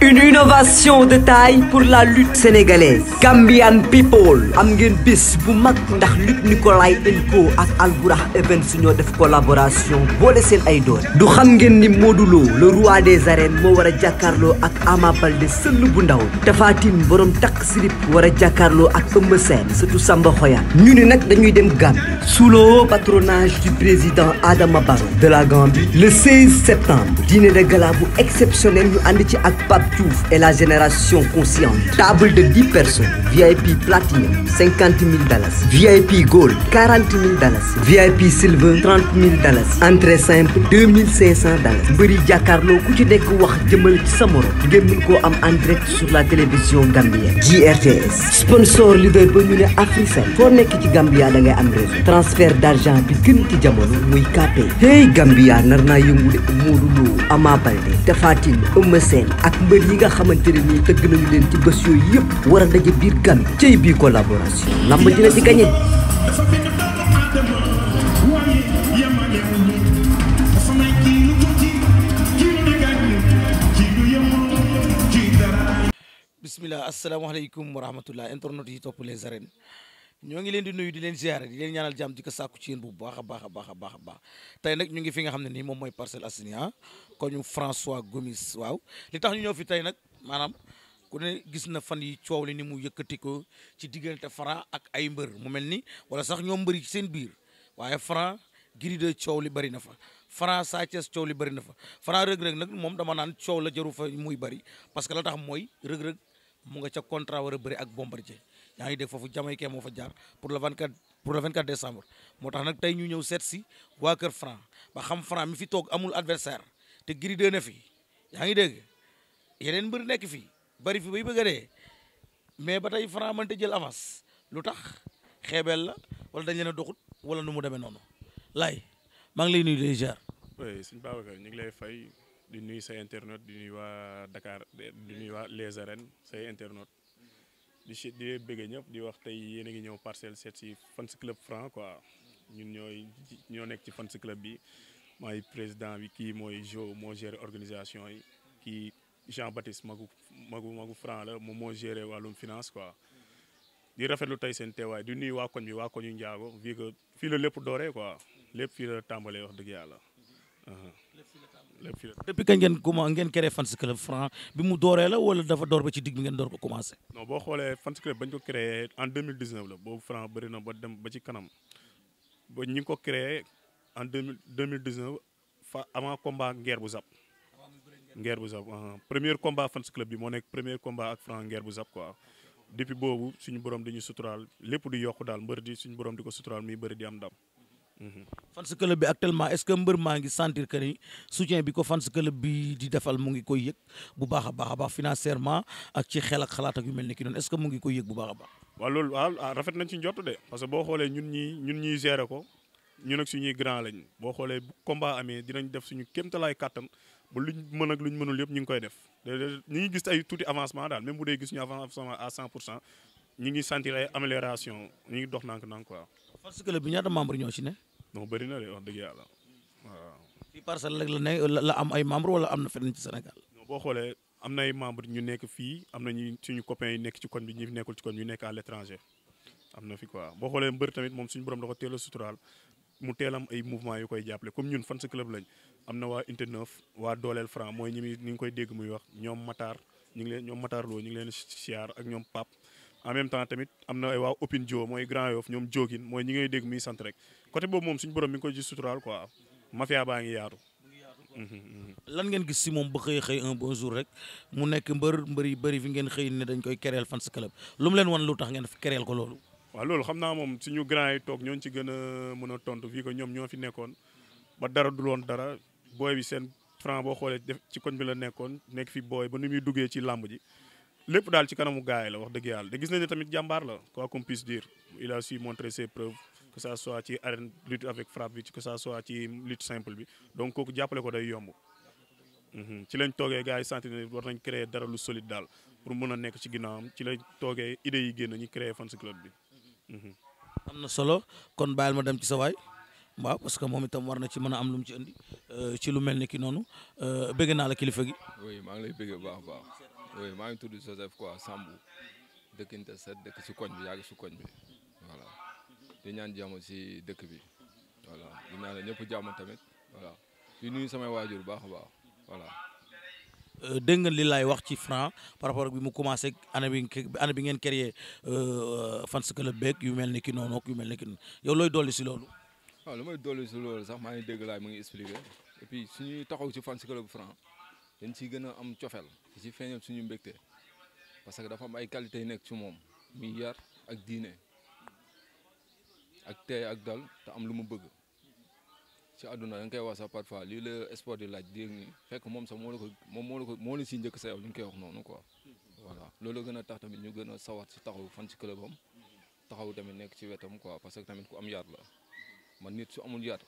une innovation de taille pour la lutte sénégalaise Gambian people am ngeen bés bu mag ndax Luc Nicolaï Elko ak Alburah Events ñoo def collaboration boole seen ay doole du xam ngeen ni Modou Lo le roi des arènes moo war a jàkkaarloo ak Ama Baldé sëll bu ndaw Tapha Tine borom takk slip war a jàkkaarloo ak Eumeu Sène surtout Samba Xoya ñu ni nag dañuy dem Gambie sous le patronage du président Adama Barrow de la Gambie le 16 septembre dîner de gala bu exceptionnel ci ak Pape Diouf et la génération consciente. Table de 10 personnes. VIP Platinum, 50 000 dollars. VIP Gold, 40 000 dollars. VIP Silver, 30 000 dollars. Entrée simple, 2500 dollars. mbëri jàkkaarloo ku ci nekk wax jëmal ci sa morom. koo am en direct sur la télévision gambienne. JRTS. sponsor leader ba ñu ne Africell. foo nekk ci Gambia da ngay am réseau. transfert d' argent bi gën ci jamono muy KP. hey Gambia nar naa yëngu de Modou Lo Ama Baldé Tapha Tine Eumeu ak mbëri mbër yi nga xamante ne nii tëgg nañu leen ci bés yooyu war a daje biir gan cey biir collaboration lamb dina ci gagné bismillah asalaamaaleykum wa rahmatullah internet yi topp les arènes ñoo ngi leen di nuyu di leen ziare di leen ñaanal jàmm di ko sàkku ci yéen bu baax baax a baax baax tey nag ñu ngi fi nga xam ne nii moom mooy Parcelles Assainies ah, ko ñu François Gomis waaw li tax ñu ñoo fi tey nag maanaam ku ne gis na fan yi coow li ni mu yëkkati ko ci diggante Franc ak ay mbër mu mel ni wala sax ñoo mbëri ci seen biir waaye Franc Gris 2 coow li bëri na fa Franc Sa Thiès coow li bari na fa Franc rëg-rëg nag moom dama naan coow la jaru fa muy bëri parce que la tax mooy rëg mu nga ca contrat war bëri ak Bombardier yaa ngi dégg foofu jamaïcain moo fa jaar pour le 24 pour le 24 décembre moo tax nag tey ñu ñëw seet si waa Kër Franc ba xam Franc mi fi toog amul adversaire te Gris 2 ne fi yaa ngi dégg yeneen mbër nekk fi bari fi bay bëgg a dee mais ba tey man mënta jël avance lu tax xeebeel la wala dañ leen a doxut wala nu mu demee noonu lay maa ngi lay nuyu di ziar. oui suñu Babacar ñu ngi lay fay di nuyu say internet di nuyu waa Dakar di nuyu waa les arènes say internet di si di leen bëggee ñëpp di wax tey yéen a ngi ñëw parcelle seet si fans club franc quoi ñun ñooy ñoo nekk ci fans club bi maay président bi kii mooy Jo moo gérer organisation yi kii Jean Baptiste magu magu magu la moom moo gérer wàllum finance quoi. di rafetlu tey seen teewaay di nuyu waa koñ bi waa koñu njaago vu que fii la lépp dooree quoi lépp fii la tàmbalee wax dëgg yàlla. depuis kañ ngeen commencé ngeen créé fans club Franc bi mu dooree la wala dafa door ba ci digg bi ngeen door ko commencé. boo xoolee fans club bañ ko créé en 2019 la boobu Franc bëri na ba dem ba ci kanam ba ñu ngi ko créé en deux mille deux mille dix-neuf bu Zap. Nguer bu Zap uh-huh. premier combat fans club bi moo nekk premier combat ak Franc Nguer bu Zap quoi. depuis boobu suñu borom dañuy suturaal lépp di yokk daal mbër di suñu borom di ko suturaal muy bëri di am ndam. fans club bi actuellement est-ce que mbër maa ngi sentir que ni soutien bi ko fans club bi di defal mu ngi koy yëg bu baax a baax a baax financièrement ak ci xel ak xalaat ak yu mel ni ki noonu est-ce que mu ngi koy yëg bu baax a baax. waaw loolu waaw ah, rafet nañ ci njott de parce que boo xoolee ñun ñii ñun ñuy gérer ko ñun ak suñuy grand lañ boo xoolee bu combat amee dinañ def suñu kéemtalaay kàttan ba luñ mën ak luñ mënul yëpp ñu ngi koy def ñu ngi gis ay tuuti avancement daal même bu dee gis ñu à 100 pour cent ñu ngi sentir ay amélioration ñu ngi dox nank nank ñoo ci ne non bëri na de wax dëgg yàlla waaw. fii parcelle rek la ne la am ay membres wala am na feneen ci Sénégal. boo xoolee am na ay membres ñu nekk fii am na ñu suñu copains yi nekk ci koñ bi ñu nekkul ci koñ ñu nekk à l'étranger am na fi quoi boo xoolee mbër tamit moom suñu borom da ko teel a suturaal mu teel am ay mouvement yu koy jàppale comme ñun fan sa club lañ am na waa Inte Neuf waa dooleel franc mooy ñi ñu ngi koy dégg muy wax ñoom Matar ñu ngi leen ñoom Matar Lo ngi leen siyaar ak ñoom Pape en temps tamit am na ay waa Opine Dio mooy Grand Yoff ñoom Diogine mooy ñi ngay dégg muy sant rek côté boobu moom suñu borom mi ngi koy gis suturaal quoi mafia baa ngi yaatu. lan ngeen gis si moom ba xëy xëy un bon jour rek mu nekk mbër mbër yu bëri fi ngeen xëy ne dañ koy kereel fans club lu mu leen wan lu tax ngeen kereel ko loolu. waaw loolu xam naa moom suñu grand yi toog ñooñu ci gën mën a tontu fii ko ñoom ñoo fi nekkoon ba dara dul loon dara booy bi seen franc boo xoolee def ci koñ bi la nekkoon nekk fi booy ba nu muy duggee ci làmb ji lépp daal ci kanamu gars yi la wax dëgg yàlla de gis nañ ne tamit jàmbaar la quoi qu'on puisse dire il a su montrer ses preuves que ça soit ci arène lutte avec frappe bi que ça soit ci lutte simple bi donc kooku jàppale ko day yomb. Mhm. ci lañ toogee gars yi sentir ne war nañ créer dara lu solid daal pour mën a nekk ci am ci lañ toogee idées yi génn ñu créer fans club bi. Mhm. am na solo kon bàyyil ma dem ci sa waay waaw parce que moom itam war na ci mën a am lu mu ci indi euh, ci lu ni ki noonu euh, bëgg naa la kilifa gi. oui maa ngi oui maa ngi tudd Joseph quoi Sambou dëkkinte set dëkk si koñ bi yàgg si koñ bi voilà di ñaan jàmm si dëkk bi voilà di ñaan ñëpp jàmm tamit voilà di nuyu samay waajur baax a baax voilà. Euh, dégg nga li laay wax ci Franc par rapport bi mu commencé année bi année bi ngeen créé euh, euh, fans club beeg yu mel ni ki noonu ak yu mel ni ki noonu yow looy dolli si loolu. waaw ah, lu may dolli si loolu sax maa ngi dégg laay mu ngi expliqué et puis suñuy taxaw si fans club Franc dañ siy gën a am cofeel di ci feeñal suñu mbégte parce que dafa am ay qualité yu nekk ci moom muy yar ak diine ak teey ak dal te am lu mu bëgg ci àdduna da nga koy wax sax parfois lii la sport di laaj dégg ni fekk moom sax moo la ko moom moo la ko moo la si njëkk sa yow ñu ngi koy wax noonu ko voilà loolu gën a tax tamit ñu gën a sawar si taxaw fan ci clubam taxaw tamit nekk ci wetam quoi parce que tamit ku am yar la man nit su amul yar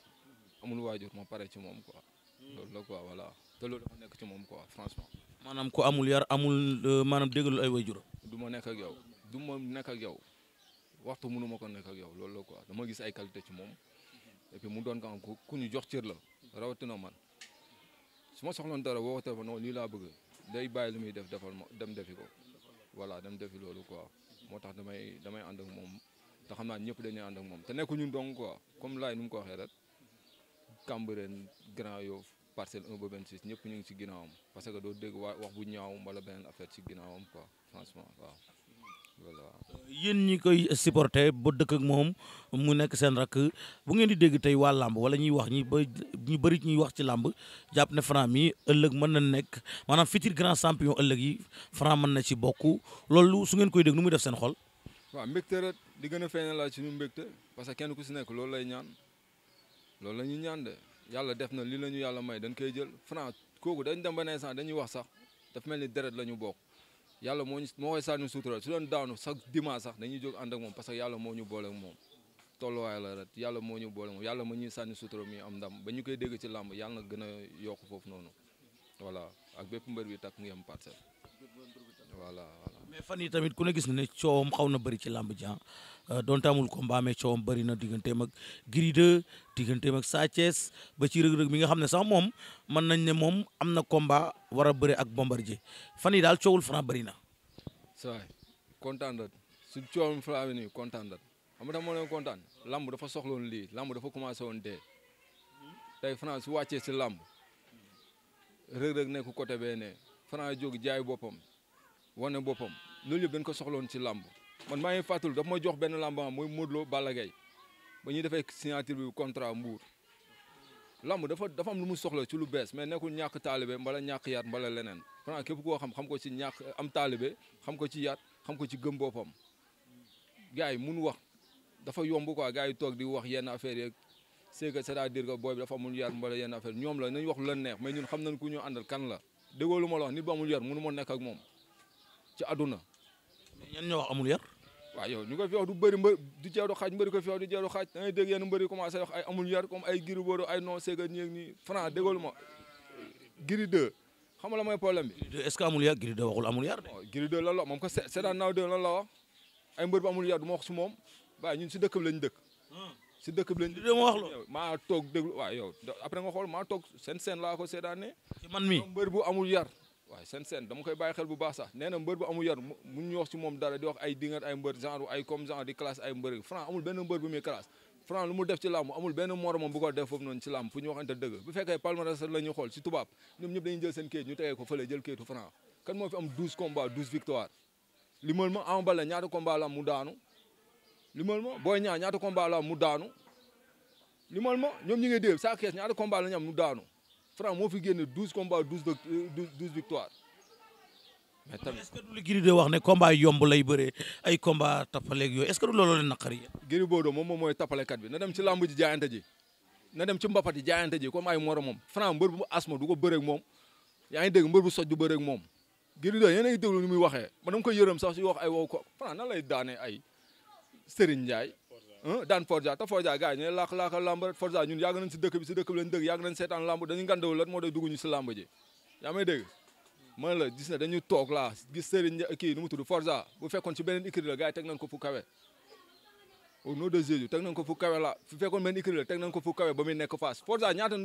amul waajur ma pare ci moom quoi te loolu nekk ci moom quoi franchement maanaam ku amul yar amul euh, maanaam déggalul ay waajuram. du ma nekk ak yow du ma nekk ak yow waxtu mënu ma ko nekk ak yow loolu la quoi dama gis ay qualité ci moom et puis doon kan ku ñu jox cër la rawatina man su ma soxloon dara woo ko téléphone non lii laa bëgg day bàyyi lu muy def defal ma dem defi ko voilà dam defi loolu quoi moo tax damay damay ànd ak moom te xam naa ñëpp dañuy ànd ak moom te nekku ñu dong quoi comme laay nu mu ko waxee rek Cambérène Grand Yoff parcelle 1 ba 26 ñëpp ñu ngi ci ginnaawam parce que doo dégg wax bu ñaaw wala beneen affaire ci ginnaawam quoi ñi koy supporter ba dëkk moom mu nekk seen rakk bu ngeen di dégg tey waa làmb wala ñuy wax ñi ba ñu bëri ñuy wax ci làmb jàpp ne Franc yi ëllëg mën na nekk maanaam futur grand champion ëllëg yi Franc mën na ci bokk loolu su ngeen koy dégg nu muy def seen xol. waaw mbégte rek di gën a feeñal ci ñu mbégte parce que kenn ku si nekk loolu lay ñaan loolu la ñuy ñaan de. yàlla def na li la ñu yàlla may dañ koy jël Franc kooku dañ dem ba instant dañuy wax sax daf mel ni deret la ñu bokk yàlla moo ñu moo koy sànni suutura su doon daanu chaque dimanche sax dañuy jóg ànd ak moom parce que yàlla moo ñu boole ak moom tolluwaay la rek yàlla moo ñu boole moom yàlla ma ñu sànni suutura mi am ndam ba ñu koy dégg ci làmb yàlla na gën a yokk foofu noonu voilà ak bépp mbër bi takk ngi am parcelle voilà mais fan yi tamit ku ne gis na ne coowam xaw na bëri ci làmb ji ah. euh, donte amul combat mais coowam bëri na digganteem ak Gris 2 digganteem Sa ba ci Reug Reug mi nga xam ne sax moom mën nañ ne moom am na komba war a bëri ak Bombardier fan yi daal coowul Franc bëri na. saa waay kontaan na su coowam kontaan na dafa soxla lii làmb dafa commencé woon dee tey wàccee si làmb Reug Reug nekk côté bee ne Franc jóg jaay boppam. wane boppam loolu yëpp dañ ko soxloon ci làmb man maa ngi fàttali daf ma jox benn làmba mooy Modou Lo Balla Gaye ba ñuy defee signature bi contrat mbuur làmb dafa dafa am lu mu soxla ci lu bees mais nekkul ñàkk taalibe bala ñàkk yaat bala leneen Franc képp koo xam xam ko ci ñàkk am taalibe xam ko ci yaat xam ko ci gëm boppam gars yi mun wax dafa yomb quoi gars yi toog di wax yenn affaire yeeg c'est que c'est-à-dire booy bi dafa amul yar mbala yenn affaire ñoom la nañ wax lu xam nañ kan la déggoo lu ma la wax nit mënu ma nekk ak moom ci àdduna. ñan ñoo wax amul yar. waaw yow ñu ko fi du bëri mbër du jeeru xaaj mbëri ko fi wax du jeeru xaaj da ngay dégg yenn mbëri commencé wax ay yar comme ay Gris Bordeaux ay non Sega ñi ak ñi Franc déggoo ma Gris 2 xam nga la mooy problème bi. Gris 2 est-ce que amul amul yar de. Gris 2 lan la moom ko seetaan naaw de lan la wax ay mbër bu amul du ma wax su moom waaye ñun si dëkk bi lañ dëkk. Hmm. si dëkk lañ dëkk ma wax loolu. maa toog déglu waaw yow après nga xool maa toog seen seen laa ko seedaane. man mi mbër bu amul yar waaye seen seen dama koy bàyyi xel bu baax sax nee na mbër bu amul yar mu ñu wax ci moom dara di wax ay dingat ay mbër genre ay comme genre di classe ay mbër Franc amul benn mbër lu mu def ci làmb amul benn moromam bu ko def foofu noonu ci làmb pour ñu waxante dëgg bu fekkee palmarès la ñu xool ci tubaab ñoom ñëpp dañuy jël seen kayit ñu tegee ko fële jël kayitu Franc kan li mal ma Ama Baldé ñaata combat la mu daanu li mal ma Boy Niang ñaata combat la mu daanu li mal ma ñoom ñi ngi dégg saa kees ñaata combat la mu daanu Franc moo fi génne douze combats douze de douze victoires. mais tamit est-ce que du li wax ne combat yomb lay bëree ay combat tapaleeg yooyu est-ce que du looloo leen naqari. moom moom mooy tapalekat bi na dem ci làmb ji jaayante ji na dem ci mbapat yi jaayante ji comme ay moromam Franc mbër bu asma du ko moom yaa ngi dégg mbër bu soj du bëreeg moom. Gris de yéen a ngi ni muy waxee man dama ko yërëm sax si wax ay wow ko Franc nan lay daane ay Serigne Ndiaye daan Forza te Forza gars yi ñu ne laak laaka lamb rek Forza ñun yàgg nañ si dëkk bi si dëkk bi lañ dëkk yàgg nañ seetaan lamb dañu ngandawul lan moo doy dugg ñu si lamb ji yaa may la gis na dañu toog laa gis Serigne kii nu mu tudd Forza bu fekkoon si bene écurie la gars yi teg nañ ko fu kawe au nom de Jésus ko fu kawe la fu fekkoon benn écurie la teg nañ ko fu ba muy nekk face Forza ñaata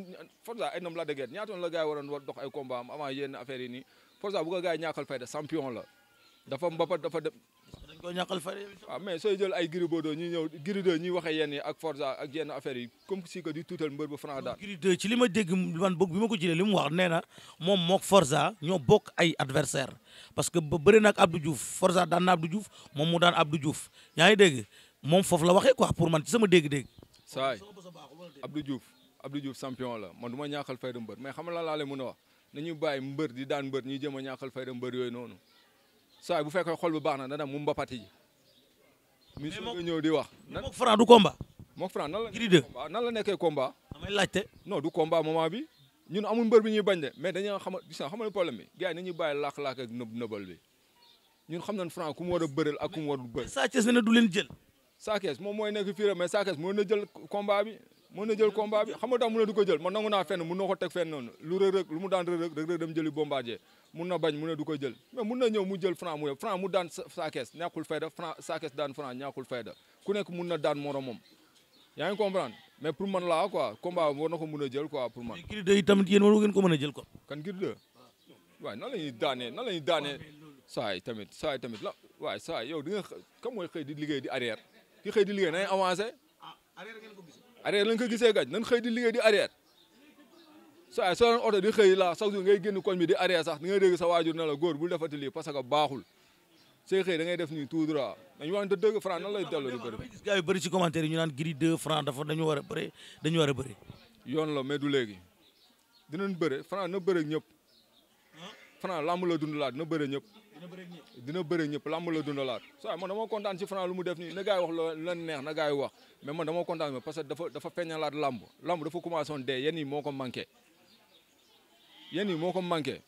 Forza ay nam la dëgër ñaatoon la gars yi waroon war dox ay combat am avant yenn affaire yi nii Forza bu ko gars yi fayda champion la dafa mbapat dañ ko ñàkkal ah, mais sooy jël ay Gris Bordeaux ñuy ñëw Gris 2 ñuy waxee yenn yi ak Forza ak yenn affaire yi comme si que tuutal mbër bu Franc daal ci li ma dégg man bëgg bi ma ko jëlee li mu wax nee na moom mook Forza ñoo bokk ay adversaire parce que ba bëri nag Abdou Diouf Forza daan na Abdou Diouf moom mu daan Abdou Diouf yaa ngi dégg moom foofu la waxee quoi pour man sama dégg-dégg saay Abdou Diouf Abdou Diouf champion la man du ma ñàkkal fayda mbër mais xam la laa leen mën a wax nañu bàyyi mbër di daan mbër jëm a ñàkkal mbër yooyu noonu saa bu fekkee xol bu baax na dana mu mbapati ji. mi su ñëw di wax. mais mook Franc du combat. mook nan la nekkee combat nan la nekkee combat. damay laajte. non du combat moment bi ñun amul mbër bi ñu bañ de mais dañoo xama gis nga xamal problème bi gars yi nañuy bàyyi làkk-làkk nëbal bi ñun xam nañ Franc ku war a bëreel ak ku mu warul bëreel. Sa Thiès ne du leen jël. Sa Thiès moom mooy nekk fii rek mais Sa Thiès moo na jël combat bi mën na jël combat bi xam nga tax mën na du ko jël man nangu naa fenn na ko teg fenn noonu lu rëg-rëg lu mu daan rëg-rëg rëg-rëg dem jëli bombardier mun na bañ mun na du ko jël mais mun na ñëw mu jël franc mu franc mu daan saakees ñàkkul fayda franc saakees daan franc ñàkkul fayda ku nekk mun na daan moromam yaa ngi comprendre mais man laa quoi combat war na ko mun a jël quoi pour man. Gris 2 itam yéen waru ngeen ko mën a jël quoi. kan Gris 2 waaye nan la daanee nan la ñuy daanee saay tamit saay tamit la waaye saay yow di nga xam mooy xëy di liggéey di arrière ki xëy di liggéey nañ avancé. Ah, arrière ngeen ko gis arrière lañ ko gisee gaj nan xëy di liggéey di arrière sa ay soo doon oto di xëy la so jour ngay génn koñ bi di arrière sax nga dégg sa waajur na la góor bul defati lii parce que baaxul say xëy da ngay def nii tout droit dañu waxante dëgg franc nan lay delloo di bëri gars yu bëri ci commentaire yi ñu naan giri deux franc dafa dañu war a bëri dañu war a bëri yoon la mais du léegi dinañ bëri franc na bëri ñëpp franc lamb la dund laa dina bëri ñëpp dina bëri ñëpp lamb la dundalaat saa man dama kontaan si Franc lu mu def nii na gars yi wax lu leen neex na wax mais man dama kontaan parce que dafa dafa feeñalaat lamb lamb dafa commencé woon dee yéen yi moo ko manqué yéen yi moo ko manqué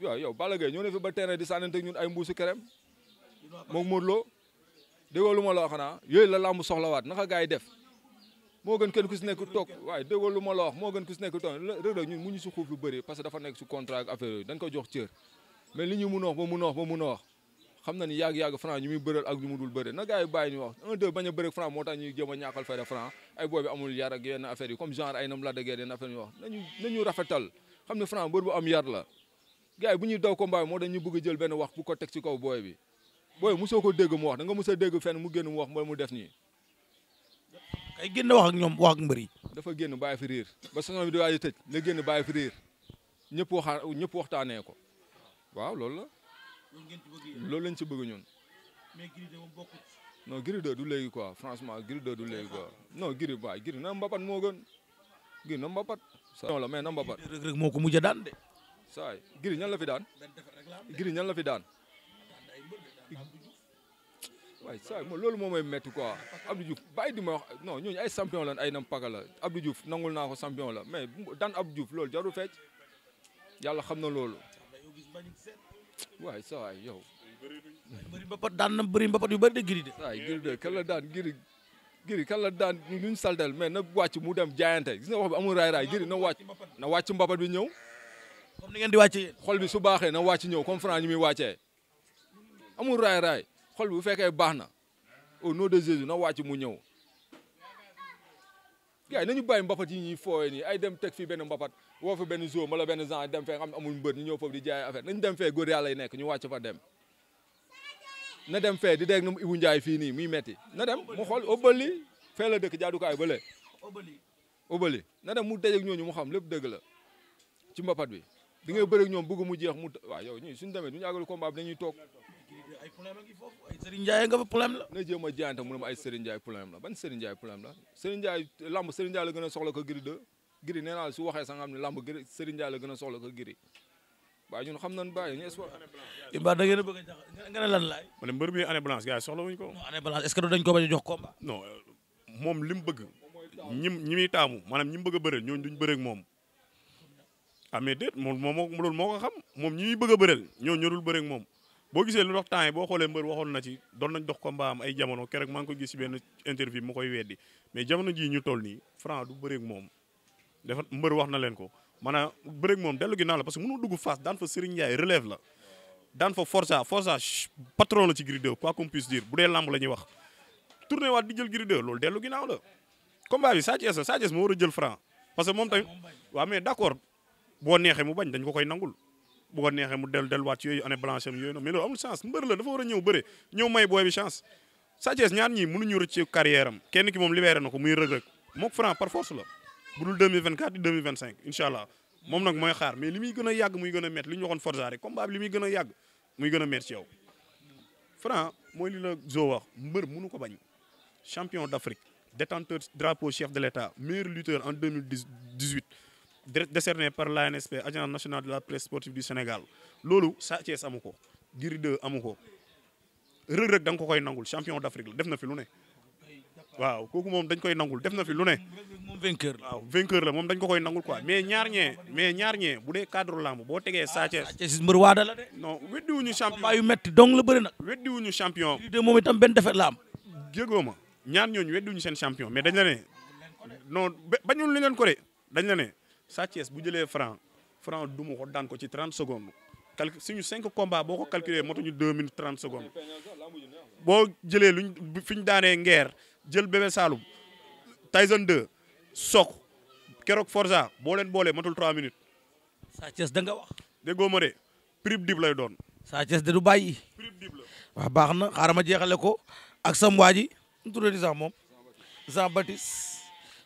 waaw yow bala Gaye ñoo ne fi ba terrain di sànnante ñun ay mbuusu kerem moom Modou Lo déggoo lu ma la wax xanaa yooyu la lamb soxlawaat naka gars yi def moo gën kenn ku si nekk toog waaye déggoo lu ma la wax moo gën ku si nekk toog Reug Reug jox mais li ñu mun a wax ba mun a wax ba mun a wax xam na ni yàgg-yàgg Franc ñu muy bëreel ak ñu mu dul bëre na gars yi bàyyi ñu wax un deux bañ a bëre Franc moo tax ñuy jéem a ñàkkal fayda Franc ay booy bi affaire comme genre ay nam la dëggee yenn affaire yi rafetal xam ne Franc mbër bu am yar la gars yi bu ñuy daw combat moo tax bëgg jël benn wax bu ko teg ci kaw booy bi booy mosoo ko dégg mu wax da nga mos a dégg fenn mu génn mu wax mbala mu def nii ay génn wax ak ñoom wax ak mbër yi dafa génn bàyyi fi ba saison bi di waaj a tëj la génn baay fi riir ñëpp waxaa ñëpp waxtaanee ko waaw loolu la. loolu lañ ci bëgg ñun. mais Gris 2 moom bokkut. non léegi quoi francement Gris 2 du léegi quoi non Gris waay Gris na mbapat moo gën Gris na mbapat. non la mais na mbapat. Reug moo ko mujj daan de. saay Gris ñan la fi daan. giri ñan la fi daan. waaye saa mo loolu moom may metti quoi Abdou Diouf bàyyi di ma wax non ñooñu ay champion lan ay nam paga la Abdou Diouf nangul naa ko champion la mais daan Abdou Diouf loolu jarul fecc yàlla xam na loolu. waay sa waay yow. bëri mbapat daan na bëri mbapat yu bëri de giri de. waay giri de kan la daan giri giri kan la daan ñu saltel mais na wàcc mu dem jaayante gis nga wax bi amul raay raay giri na wàcc na wàcc mbapat bi ñëw. comme ni di wàccee. xol bi su baaxee na wàcc ñëw comme Franc ñu muy wàccee amul raay raay xol bi bu fekkee baax na au nom de Jésus na wàcc mu ñëw. gars yi nañu bàyyi mbapat yi ñuy fooyee ay dem teg fii benn mbapat woo fa benn zoo mala benn genre dem fee xam amul mbër ñu ñëw foofu di jaay affaire nañ dem fee góor yàlla nekk ñu wàcc fa dem na dem fe di deg na Ibou Ndiaye fii nii muy na dem mu xool Obali fee la dëkk jaadukaay ba lee Obali na dem mu dajeeg ñooñu mu xam lépp dëgg la ci mbapat bi di ngay bëreeg ñoom bëgg mu jeex mu waaw yow ñun suñu demee du ñu àggalu combat bi dañuy toog ay problème la foofu ay Serigne Ndiaye nga fa problème la. na jéem a jaayante mu ne ay Serigne Ndiaye problème la ban Serigne Ndiaye la Serigne Ndiaye lamb Serigne Ndiaye la gën a soxla ko Gris Gris nee naa waxee sax nga xam ne làmb Gris la gën a soxla ko Gris waaye ñun xam nañu bàyyi ñu espoir. Iba da ngeen a bëgg a jaxal nga ne lan soxla wuñ ko. non année moom li mu bëgg. ñi ñi muy taamu maanaam ñi mu bëgg a bëreel ñooñu duñ bëreeg moom. ah mais déet moom moom loolu moo ko moom ñi muy bëgg a bëreel ñorul bëreeg moom. boo gisee lu dox temps yi boo xoolee mbër waxoon na ci doon nañ dox combat am ay jamono keroog maa ngi ko gis ci benn interview mu koy weddi mais jamono jii ñu toll nii Franc du bëreeg moom dafa mbër wax na leen ko maanaam bëreeg moom dellu ginnaaw la parce que mënoo dugg face daan fa Serigne Ndiaye relève la daan fa Forza Forza patron la ci Gris quoi qu'on puisse dire bu dee lamb la ñuy wax tourné waat di jël loolu dellu ginnaaw la combat bi Sa Thiès moo war a jël franc parce que moom tamit waaw mais d'accord boo neexee mu bañ dañ ko koy nangul bu ko neexee mu dellu delluwaat yooyu année blanche am yooyu noonu mais loolu amul chance mbër la dafa war a ñëw bëre ñëw may booy bi chance Sa Thiès ñaar ki moom libéré na ko muy rëg rek mook bu dul 2024 di 2025 incha allah moom nag mooy xaar mais li muy gën a yàgg muy gën a métti li ñu waxoon Forza rek combat bi li muy gën a yàgg muy gën a ci yow. Franc mooy li la Zo wax mbër mënu ko bañ champion d'Afrique détenteur drapeau chef de l'État meilleur lutteur en 2018 décerné par l'ANSP agence nationale de la presse sportive du Sénégal loolu Sa Thiès amu ko Gris 2 amu ko Reug Reug da nga ko koy nangul champion d'Afrique la def na fi lu waaw kooku moom dañ koy nangul def na fi lu ne. moom la waaw vainqueur la moom dañ ko koy nangul ko mais ñaar ñee mais ñaar ñee bu dee cadre lamb boo tegee Sa Thiès. Sa Thiès mbër waada la de. non weddiwuñu champion waayu metti dong la bëri nag. weddiwuñu champion. de moom itam benn defet la am. jéegoo ma ñaar ñooñu weddiwuñu seen champion mais dañ la ne non bañul li leen ko de dañ la ne Sa bu jëlee franc franc dumu ko daan ko ci 30 secondes. calcul suñu cinq combats boo ko calculé motuñu 2 minutes 30 secondes boo jëlee luñ fi ñu daanee ngeer. jël bébé Saloum Tyson 2 Sokh keroog forsa boo leen boolee matul 3 minutes. Sa Thiès da nga wax. déggoo ma de prib dib lay doon. Sa Thiès da du bayi prib baax na xaaral ma jeexale ko ak sam waa ji mu tuddati sax moom Jean Baptiste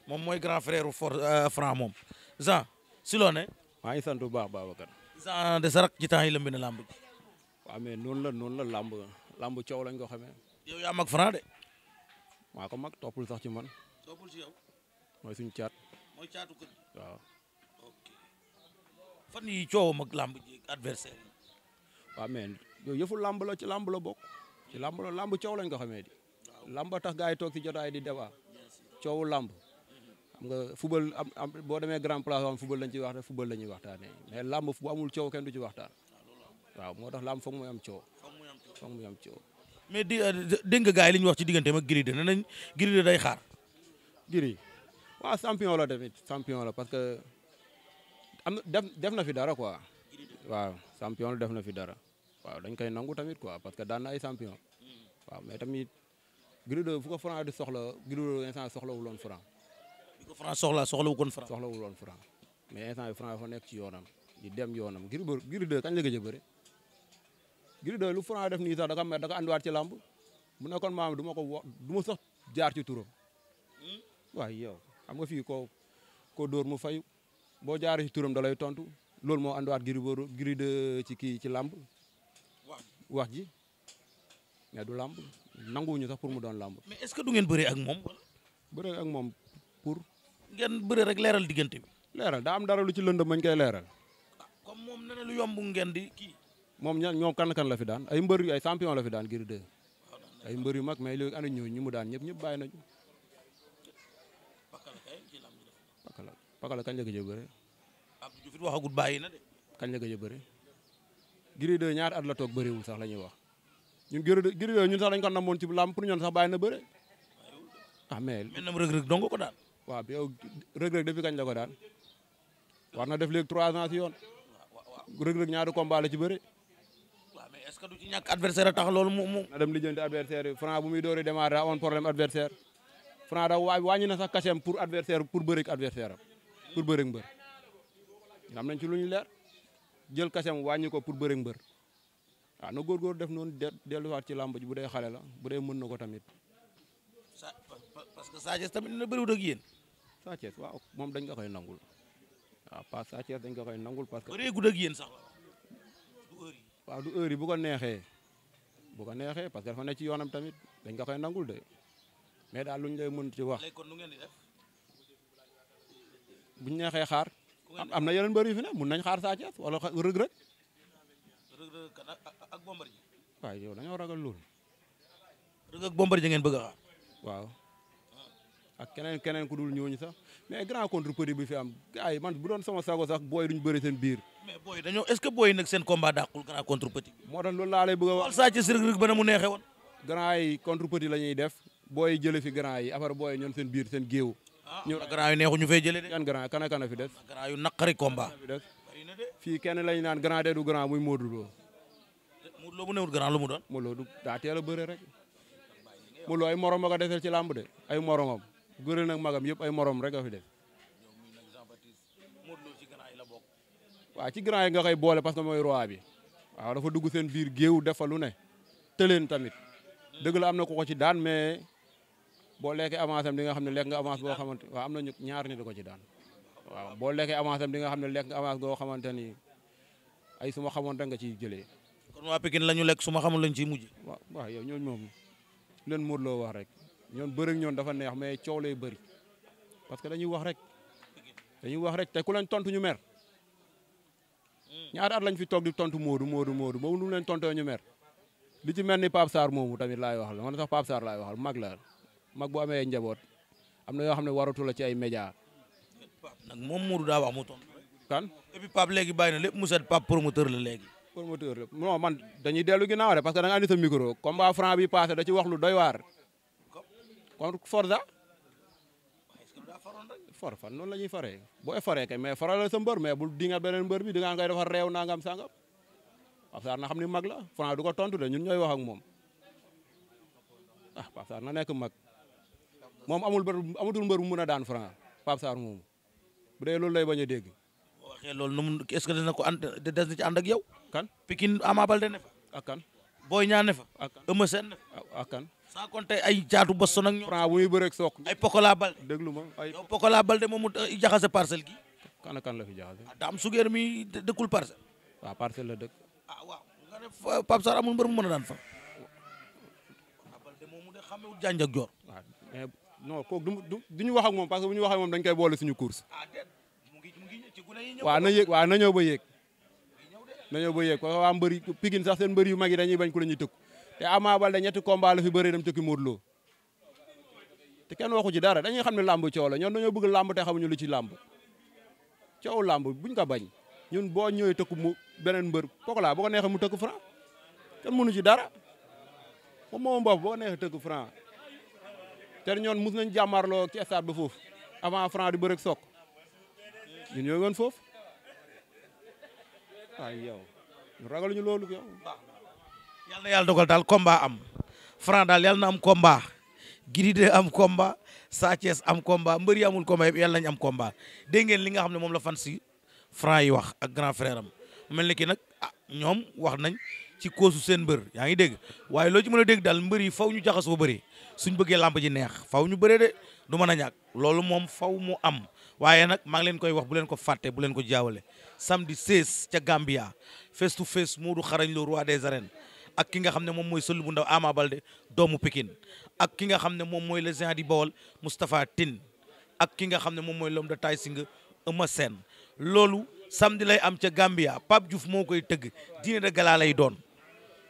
moom mooy grand frère for euh, Franc moom Jean si loo ne. maa ngi sant bu baax Babacar. Jean de Sarak ci temps yi lëmb na làmb ji. waaw mais noonu la noonu la làmb làmb coow lañ ko xamee. yaa mag Franc de. maa ko mag toppul sax ci man. toppul ci yow. mooy suñ caat. mooy caatu kër waaw. ok fan yii coow mag làmb ji adversaire yi. waaw mais yëfu làmb la ci làmb la bokk. ci làmb la làmb coow lañ ko xamee di. làmb tax gars yi toog ci jotaay di débat. coowu lamb mm-hmm. xam nga fubal am boo demee grand place am fubal lañ ci waxtaan la ñuy waxtaanee mais làmb bu amul coow kenn du ci waxtaan. Ah, waaw moo tax làmb foog muy am coow. foog muy coow. mais di euh, dégg nga gars yi li ñu wax ci diggante mag Gris nañ Gris day xaar. Gris waaw champion la tamit champion la parce que am def def na fi dara quoi. waaw champion la def na fi dara waaw dañ koy nangu tamit quoi parce que daan na ay champion. waaw mais tamit Gris 2 fu ko Franc di soxla Gris 2 instant soxlawul woon Franc. bu ko Franc soxla soxlawu kon Franc. soxlawul woon Franc mais instant a Franc dafa nekk ci yoonam di dem yoonam Gris 2 Gris 2 kañ la gëj a Gris 2 lu Franc def nii sax da ko mer da ci làmb mu nekkoon maam du ma ko wo du ma sax jaar ci turam hmm? waaye yow xam nga fii ko ko dóor mu fay boo jaaree ci turam da lay tontu loolu moo andiwaat Gris Bordeaux giri 2 ci kii ci làmb wax ji mais du nangu nanguwuñu sax pour mu doon làmb. mais est-ce que du ngeen bëree ak moom. bëree ak moom pour. ngeen bëree rek leeral diggante bi. leeral dara lu ci lëndëm mañ ke leeral. Ah, comme moom nee lu yomb ngeen di moom ña ñoom kan kan la fi daan ay mbër yu ay champion la fi daan ay mbër yu mag mais léegi ana ñooñu ñu mu daan ñëpp ñëpp bàyyi nañu. Pakala Pakala kañ la gëj a bëre. Abdou Diouf it waxagut bàyyi na de. kañ la gëj a bëre. Gris ñaari at la toog bëriwul sax la ñuy wax ñun Gris 2 ñun sax dañu ko namoon ci làmb pour ñun sax bàyyi na bëre. ah mais. mais nag Reug ko daan. waaw bi yow Reug Reug depuis kañ ko daan war na def léegi 3 ans si yoon. Reug Reug ñaari combat la ci bëre. du ñàkk adversaire a tax loolu mu mu. na dem adversaire yi bu muy door a démarrer daa amoon problème adversaire Franc da waa wàññi na sax cachet pour adversaire pour bëreeg adversaire am pour bëreeg mbër. am nañ ci lu ñu leer jël cachet am wàññi ko pour bëreeg mbër waaw na góorgóor def noonu delluwaat ci làmb bu dee xale la bu dee mën na ko tamit. sax parce que Sa tamit dina bëriwul ak yéen. Sa waaw moom dañ nga koy nangul waaw parce que Sa Thiès dañ nga koy nangul parce que. bëreegul ak yéen sax. waaw du heure yi bu ko neexee bu ko neexee parce que dafa ne ci yoonam tamit dañ ko koy nangul de mais daal luñ lay mën ci wax. léegi kon nu ngeen di def. buñ neexee xaar. am na yeneen mbër yu fi ne mun nañ xaar saa Thiès wala Reug Reug. Reug Reug ak Bombardier. waaw yow dañoo ragal loolu. Reug Reug ngeen bëgg a xaar. waaw ak keneen keneen ku dul ñooñu sax. mais grand contre petit bi fi am ay man bu doon sama sago sax booy ñu bëri seen biir. mais booy dañoo est ce que booy nag seen combat dàqul grand contre petit. moo tax loolu laa lay bëgg a wax. saa ci si rëg ba na mu neexee woon. grand yi contre petit la ñuy def booy jëlee fi grand yi affaire booy ñoom seen biir seen géew. Ah, ñu grand yu neexu ñu fay jëlee de. yan grand kana kana fi des. grand yu naqari fii kenn lañ naan grand de du grand muy Modou Lo. Modou Lo mu newul grand lu mu doon. Modou Lo du daa a bëre rek. Modou Lo ay moromam a ko desel ci làmb de ay góor nag magam yëpp ay moroom rek a fi def waaw ci grand yi nga koy boole parce que mooy roi bi waaw dafa dugg seen biir géew defa lu ne tëleen tamit dëgg am na ko ko ci daan mais boo lekkee avance am di nga xam ne lekk nga avance boo xamante waaw am na ñu ñaar ko ci daan waaw boo lekkee avance am di nga xam ne lekk nga avance goo xamante ni ay suma xamoon nga ciy jëlee kon waa Pikine la ñu lekk su ma xamul lañ ciy mujj waa waaw yow ñooñu moom leen Modou loo wax rek ñoon bëri ñoon dafa neex mais coow lay bëri parce que dañuy wax rek dañuy wax rek te ku leen tontu ñu mer ñaari at lañ fi toog di tontu Moodu Moodu Moodu boobu lu leen tontoo ñu mer li ci mel ni Pape saar moomu tamit laay waxal man sax Pape Sarr laay waxal mag la mag bu amee njaboot am na yoo xam ne waratu la ci ay média nag moom Moodu daa wax mu tontu kan et puis Pape léegi bàyyi na lépp man dellu ginnaaw rek parce que da nga andi sa micro combat franc bi passé da ci wax lu doy waar kon Forza. for fan noonu la ñuy faree boo faree kay mais faral sa mbër me bul dingal beneen mbër bi di nga ngay dafa réew nangam sangam Pape na xam ni mag la Franc du ko tontu de ñun ñooy wax ak moom ah Pape na nekk mag moom amul mbër amatul mbër bu a daan Franc Pape Sarr bu dee loolu lay bañ a dégg. boo waxee loolu nu mu ko ànd des na ci ànd ak yow. kan Pikine Ama Baldé ne fa. ak kan Boy Niang ne fa. ak kan. saa kon tey ay jaatu Boston nag ñoom. Franc wuyu bëreeg soog. ay Pokola Balde déglu ma ay yow Pokola Balde moomu jaxase parcelle gi. kan kan la fi jaxase. ah Dame Sugeer mi dëkkul parcelle. waaw la dëkk. ah waaw nga ne mbër mu mën a daan fa. ah Balde moomu de xamewul janj ak joor. waaw mais non kooku du du ñu wax ak moom parce que ñu wax ak dañ koy boole suñu course. ah mu ngi mu ngi ci gune na yéeg waaw na ñëw ba yéeg. na ñëw ba yéeg parce que waa mbër yi Pikine sax seen mbër mag yi dañuy bañ ku la ñuy tëkku te Ama Baldé ñetti combat la fi bëri dem tukki Modou Lo te kenn waxu ci dara dañuy xam ne làmb coow la ñoom dañoo bëgg làmb te xamuñu lu ci làmb coow làmb buñ ka bañ ñun boo ñëwee tëkku mu beneen mbër Pokola boo ko neexee mu tëkku Franc kenn mënu ci dara moom moomu bopp boo ko neexee tëkku Franc te ñoon mus nañ jàmmarloo ci stade foofu avant Franc di bëre sok Sokh ñun ñoo woon foofu waaye yow ñu loolu yow yal na yàlla dogal daal komba am Franc daal yal na am combat Gris 2 am komba Sa am combat mbër yi amul combat yëpp yàlla nañ am combat dégg ngeen li nga xam ne moom la fan si Franc yi wax a grand frère mel ni ki nag ah ñoom wax nañ ci koosu seen mbër yaa ngi dégg waaye loo ci mën a dégg daal mbër yi faw ñu jaxasoo bëri suñ bëggee làmb ji neex faw ñu bëree de du mën a ñàkk loolu moom faw mu am waaye nag maa ngi leen koy wax bu leen ko fàtte bu leen ko jaawale samedi 16 ca Gambia face to face Modou Xarañ Lo roi des arènes ak ki nga xam ne moom mooy sël bu ndaw Ama Balde doomu Pikine ak ki nga xam ne moom mooy le géant di Bawol Moustapha tin ak ki nga xam ne moom mooy l'homme de taille Singa Eumeu Sène loolu samedi lay am ca Gambia Pape Diouf moo koy tëgg dîner de gala lay doon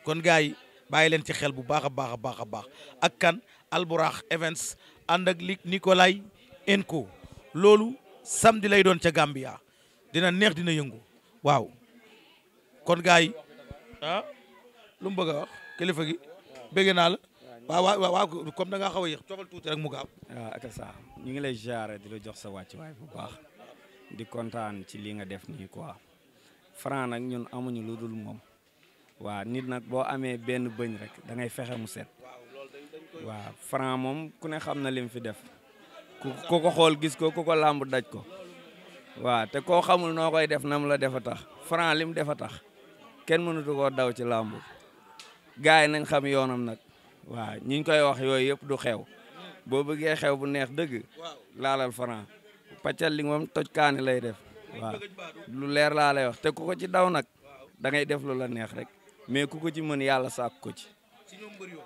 kon gars yi bàyyi leen ci xel bu baax a baax a baax a baax ak kan Alburax Events ànd ak lig Nicolay Enco loolu samedi lay doon ca Gambia dina neex dina yëngu waaw kon gars ah? lu mu bëgg a wax kilifa gi bëgg naa la waaw waaw waaw comme da ngaa xaw a yéex coxal tuuti rek mu gaaw. waaw ah, ak ça ñu ngi lay jaare di la jox sa wàccuwaay bu baax di kontaan ci li nga def nii quoi Franc nag ñun amuñu lu dul moom waaw nit nag boo amee benn bëñ rek da ngay fexe mu set waaw Franc moom ku ne xam na lim fi def ku ko xool gis ko ku ko làmb daj ko waaw te koo xamul noo koy def nam la defa tax Franc lim defa tax kenn mënatu koo daw ci làmb gars yi nañ xam yoonam nag waaw ñi ñu koy wax yooyu yëpp du xew boo bëggee xew bu neex dëgg laalal Franc paccal li moom toj kaani lay def waaw lu leer laa lay wax te ku ci daw nag da ngay def lu la neex rek mais ku ko ci mën yàlla sàkk ko ci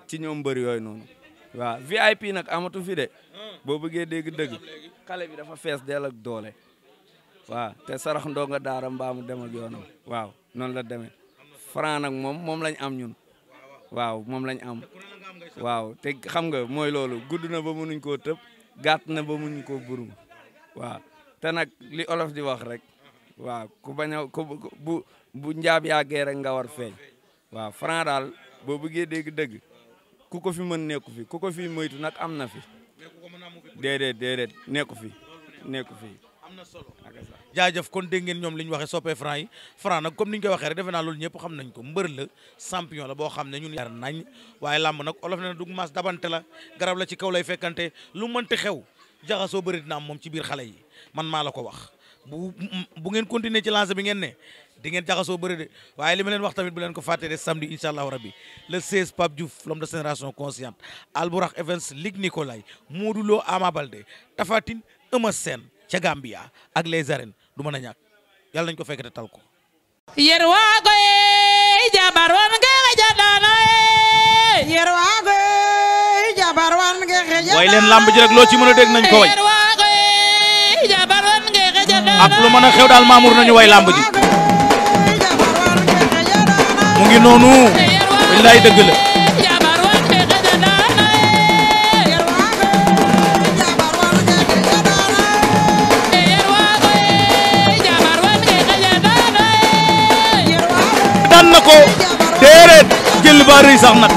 ci ñoom mbër yooyu noonu waaw VIP nag amatu fi de boo bëggee dégg dëgg xale bi dafa fees dell ak doole waa te sarax ndoo nga daara mu dem ak yoonam waaw noonu la demee Franc nag moom lañ am ñun waaw moom lañ am waaw te xam nga mooy loolu gudd na ba mënuñ koo tëb gàtt na ba mënuñ koo burum waaw te nag li olof di wax rek waaw ku bañ a ku bu bu njaab yàggee rek nga war feeñ waaw Franc daal boo bëggee dégg dëgg ku ko fi mën nekku fi ku ko fi moytu nag am na fi déedéet déedéet nekku fi nekku fi am na solo jaajëf kon dégg ngeen ñoom li ñu waxee soppee franc yi franc nag comme ni ñu koy rek defe naa loolu ñëpp xam nañ ko mbër la champion la boo xam ne ñun yar nañ waaye làmb nag olof na dug dabante la garab la ci kaw lay fekkante lu mënti xew jaxasoo bëri dina am moom ci xale yi man maa la ko wax bu bu ngeen ci lancé bi ngeen ne di ngeen jaxasoo de waaye li ma leen wax ko fàtte de samedi incha rabbi le 16 Pape Diouf l'homme de génération ca Gambia ak les arènes du mën a ñàkk yàlla nañu ko fekk te tal ko. yer waa goy jabar wan nga xëja daana yer waa goy jabar ji rek loo ci mën a dégg nañ ko way jabar wan nga xëja daana ak lu mën a xew daal maamur nañu way lamb ji noonu wallaay dëgg la na ko déedéet jël ba rëy sax nag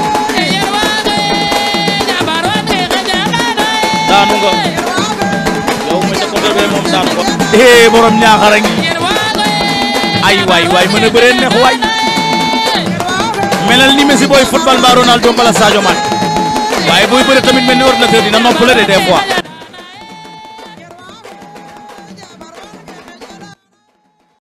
daanu nga yow ma ca ko defee moom daanu ko eh borom ñaaxara ngi ay waay waay mën a bëree neex waay melal ni Messi booy football mbaa Ronaldo mbala Sadio Mané waaye booy bëre tamit mel ni ordinateur dina noppale de des fois